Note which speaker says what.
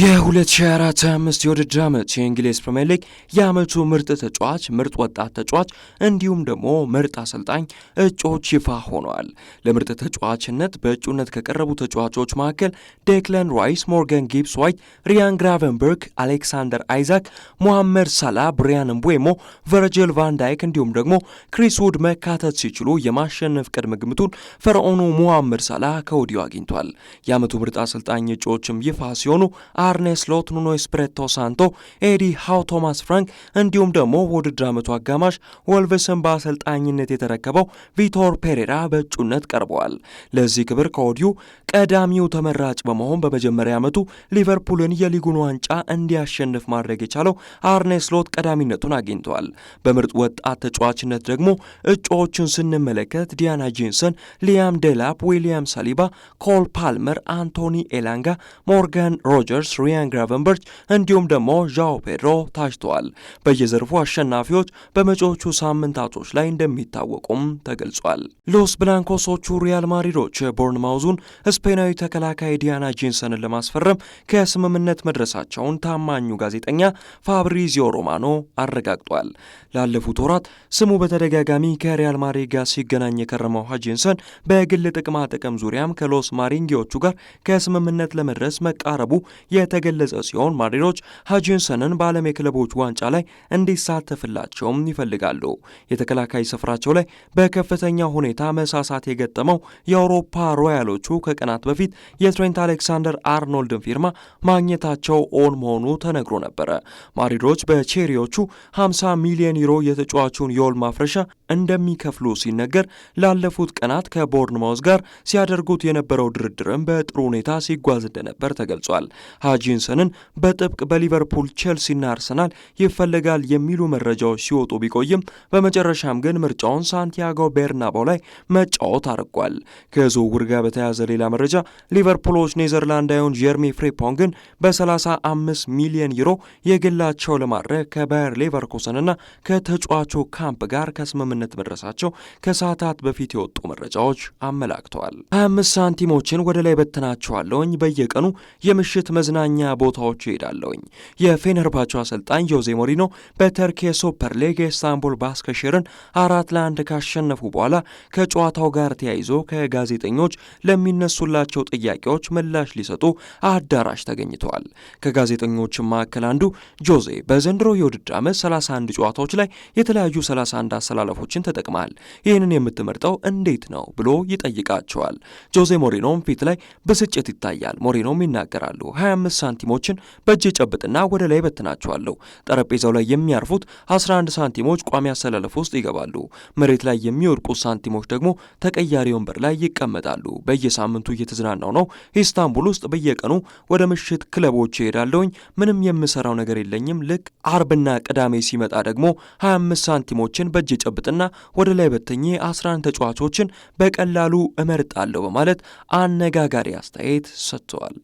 Speaker 1: የ2024/25 የውድድር ዓመት የእንግሊዝ ፕሪምየር ሊግ የዓመቱ ምርጥ ተጫዋች፣ ምርጥ ወጣት ተጫዋች እንዲሁም ደግሞ ምርጥ አሰልጣኝ እጩዎች ይፋ ሆነዋል። ለምርጥ ተጫዋችነት በእጩነት ከቀረቡ ተጫዋቾች መካከል ዴክለን ራይስ፣ ሞርጋን ጊብስ ዋይት፣ ሪያን ግራቨንበርግ፣ አሌክሳንደር አይዛክ፣ ሞሐመድ ሳላ፣ ብሪያን እምቦሞ፣ ቨርጅል ቫንዳይክ እንዲሁም ደግሞ ክሪስ ውድ መካተት ሲችሉ የማሸነፍ ቅድመ ግምቱን ፈርዖኑ ሞሐመድ ሳላ ከወዲሁ አግኝቷል። የዓመቱ ምርጥ አሰልጣኝ እጩዎችም ይፋ ሲሆኑ አርኔ ስሎት፣ ኑኖ ኤስፕሬቶ ሳንቶ፣ ኤዲ ሃው፣ ቶማስ ፍራንክ እንዲሁም ደግሞ ውድድር አመቱ አጋማሽ ወልቭስን በአሰልጣኝነት የተረከበው ቪቶር ፔሬራ በእጩነት ቀርበዋል። ለዚህ ክብር ከወዲሁ ቀዳሚው ተመራጭ በመሆን በመጀመሪያ ዓመቱ ሊቨርፑልን የሊጉን ዋንጫ እንዲያሸንፍ ማድረግ የቻለው አርኔ ስሎት ቀዳሚነቱን አግኝተዋል። በምርጥ ወጣት ተጫዋችነት ደግሞ እጩዎቹን ስንመለከት ዲያና ጂንሰን፣ ሊያም ዴላፕ፣ ዊሊያም ሳሊባ፣ ኮል ፓልመር፣ አንቶኒ ኤላንጋ፣ ሞርጋን ሮጀርስ ሮጀርስ፣ ሪያን ግራቨንበርች እንዲሁም ደግሞ ዣው ፔድሮ ታጭተዋል። በየዘርፉ አሸናፊዎች በመጪዎቹ ሳምንታቶች ላይ እንደሚታወቁም ተገልጿል። ሎስ ብላንኮሶቹ ሪያል ማድሪዶች ቦርንማውዙን ስፔናዊ ተከላካይ ዲያና ጂንሰንን ለማስፈረም ከስምምነት መድረሳቸውን ታማኙ ጋዜጠኛ ፋብሪዚዮ ሮማኖ አረጋግጧል። ላለፉት ወራት ስሙ በተደጋጋሚ ከሪያል ማድሪድ ጋር ሲገናኝ የከረመው ሀጂንሰን በግል ጥቅማ ጥቅም ዙሪያም ከሎስ ማሪንጌዎቹ ጋር ከስምምነት ለመድረስ መቃረቡ የተገለጸ ሲሆን ማድሪዶች ሃጂንሰንን በዓለም የክለቦች ዋንጫ ላይ እንዲሳተፍላቸውም ይፈልጋሉ። የተከላካይ ስፍራቸው ላይ በከፍተኛ ሁኔታ መሳሳት የገጠመው የአውሮፓ ሮያሎቹ ከቀናት በፊት የትሬንት አሌክሳንደር አርኖልድን ፊርማ ማግኘታቸው ኦን መሆኑ ተነግሮ ነበረ። ማድሪዶች በቼሪዎቹ 50 ሚሊዮን ዩሮ የተጫዋቹን የውል ማፍረሻ እንደሚከፍሉ ሲነገር ላለፉት ቀናት ከቦርንማውዝ ጋር ሲያደርጉት የነበረው ድርድርም በጥሩ ሁኔታ ሲጓዝ እንደነበር ተገልጿል። ሃጂንሰንን በጥብቅ በሊቨርፑል ቼልሲና አርሰናል ይፈልጋል የሚሉ መረጃዎች ሲወጡ ቢቆይም በመጨረሻም ግን ምርጫውን ሳንቲያጎ ቤርናባው ላይ መጫወት አድርጓል። ከዝውውር ጋር በተያያዘ ሌላ መረጃ ሊቨርፑሎች ኔዘርላንዳዊውን ጀርሚ ፍሬፖንግን በ35 ሚሊዮን ዩሮ የግላቸው ለማድረግ ከባየር ሌቨርኩሰንና ከተጫዋቹ ካምፕ ጋር ከስምምነት መድረሳቸው ከሰዓታት በፊት የወጡ መረጃዎች አመላክተዋል። 25 ሳንቲሞችን ወደ ላይ በትናቸዋለውኝ በየቀኑ የምሽት መዝና መዝናኛ ቦታዎች ይሄዳለውኝ። የፌነርባቸው አሰልጣኝ ጆዜ ሞሪኖ በተርኬ ሱፐር ሊግ የኢስታንቡል ባስከሽርን አራት ለአንድ ካሸነፉ በኋላ ከጨዋታው ጋር ተያይዞ ከጋዜጠኞች ለሚነሱላቸው ጥያቄዎች ምላሽ ሊሰጡ አዳራሽ ተገኝተዋል። ከጋዜጠኞች መካከል አንዱ ጆዜ በዘንድሮ የውድድር ዓመት 31 ጨዋታዎች ላይ የተለያዩ 31 አሰላለፎችን ተጠቅመሃል፣ ይህንን የምትመርጠው እንዴት ነው ብሎ ይጠይቃቸዋል። ጆዜ ሞሪኖም ፊት ላይ ብስጭት ይታያል። ሞሪኖም ይናገራሉ 25 አምስት ሳንቲሞችን በእጅ ጨብጥና ወደ ላይ በትናቸዋለሁ። ጠረጴዛው ላይ የሚያርፉት 11 ሳንቲሞች ቋሚ አሰላለፍ ውስጥ ይገባሉ። መሬት ላይ የሚወድቁት ሳንቲሞች ደግሞ ተቀያሪ ወንበር ላይ ይቀመጣሉ። በየሳምንቱ እየተዝናናው ነው። ኢስታንቡል ውስጥ በየቀኑ ወደ ምሽት ክለቦች ይሄዳለውኝ። ምንም የምሰራው ነገር የለኝም። ልክ አርብና ቅዳሜ ሲመጣ ደግሞ 25 ሳንቲሞችን በእጅ ጨብጥና ወደ ላይ በትኜ 11 ተጫዋቾችን በቀላሉ እመርጣለሁ በማለት አነጋጋሪ አስተያየት ሰጥተዋል።